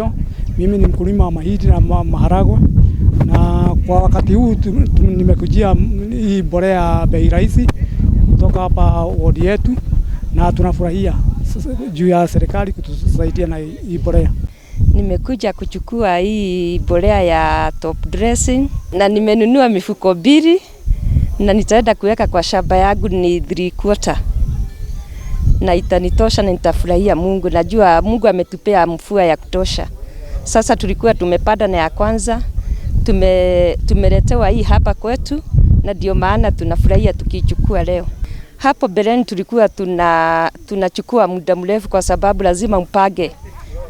Yo, mimi ni mkulima wa mahindi na maharagwe na kwa wakati huu nimekujia hii mbolea bei rahisi kutoka hapa wodi yetu, na tunafurahia juu ya serikali kutusaidia na hii mbolea. Nimekuja kuchukua hii mbolea ya top dressing na nimenunua mifuko mbili na nitaenda kuweka kwa shamba yangu ni three quarter na itanitosha na nitafurahia Mungu. Najua Mungu ametupea mfua ya kutosha. Sasa tulikuwa tumepanda na ya kwanza tume, tumeletewa hii hapa kwetu, na ndio maana tunafurahia tukichukua leo. Hapo beleni tulikuwa tuna tunachukua muda mrefu, kwa sababu lazima mpage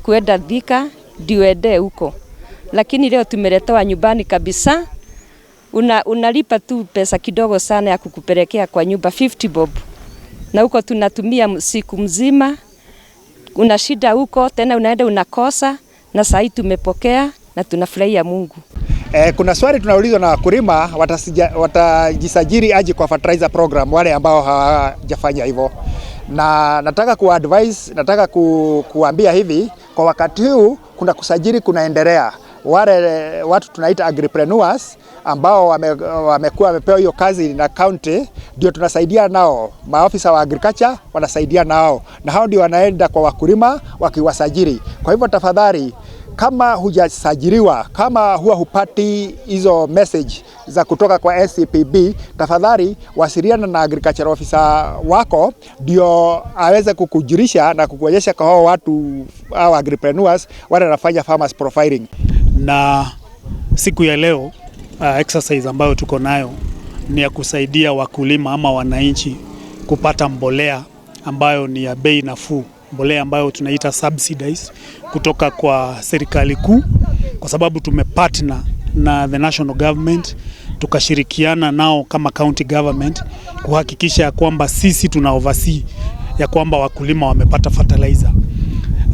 kuenda Thika diwede huko, lakini leo tumeletewa nyumbani kabisa. Una, unalipa tu pesa kidogo sana ya kukupelekea kwa nyumba 50 bob na huko tunatumia siku mzima. Una shida huko tena unaenda unakosa, na saa hii tumepokea na tunafurahia Mungu. Eh, kuna swali tunaulizwa na wakulima watajisajili aje kwa fertilizer program, wale ambao hawajafanya hivyo, na nataka ku advise, nataka ku, kuambia hivi kwa wakati huu kuna kusajili kunaendelea wale watu tunaita agripreneurs ambao wamekuwa wame wamepewa hiyo kazi na county, ndio tunasaidia nao. Maafisa wa agriculture wanasaidia nao, na hao ndio wanaenda kwa wakulima wakiwasajili. Kwa hivyo tafadhali kama hujasajiliwa, kama huwa hupati hizo message za kutoka kwa NCPB, tafadhali wasiliana na agriculture officer wako ndio aweze kukujulisha na kukuonyesha kwa hao watu au agripreneurs wale wanafanya farmers profiling na siku ya leo uh, exercise ambayo tuko nayo ni ya kusaidia wakulima ama wananchi kupata mbolea ambayo ni ya bei nafuu, mbolea ambayo tunaita subsidized kutoka kwa serikali kuu, kwa sababu tumepartner na the national government tukashirikiana nao kama county government kuhakikisha ya kwamba sisi tuna oversee ya kwamba wakulima wamepata fertilizer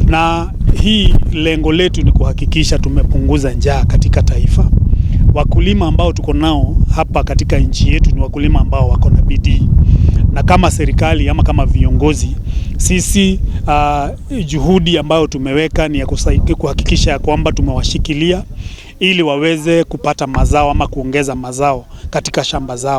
na hii lengo letu ni kuhakikisha tumepunguza njaa katika taifa. Wakulima ambao tuko nao hapa katika nchi yetu ni wakulima ambao wako na bidii, na kama serikali ama kama viongozi sisi uh, juhudi ambayo tumeweka ni ya kusaidia kuhakikisha ya kwamba tumewashikilia ili waweze kupata mazao ama kuongeza mazao katika shamba zao.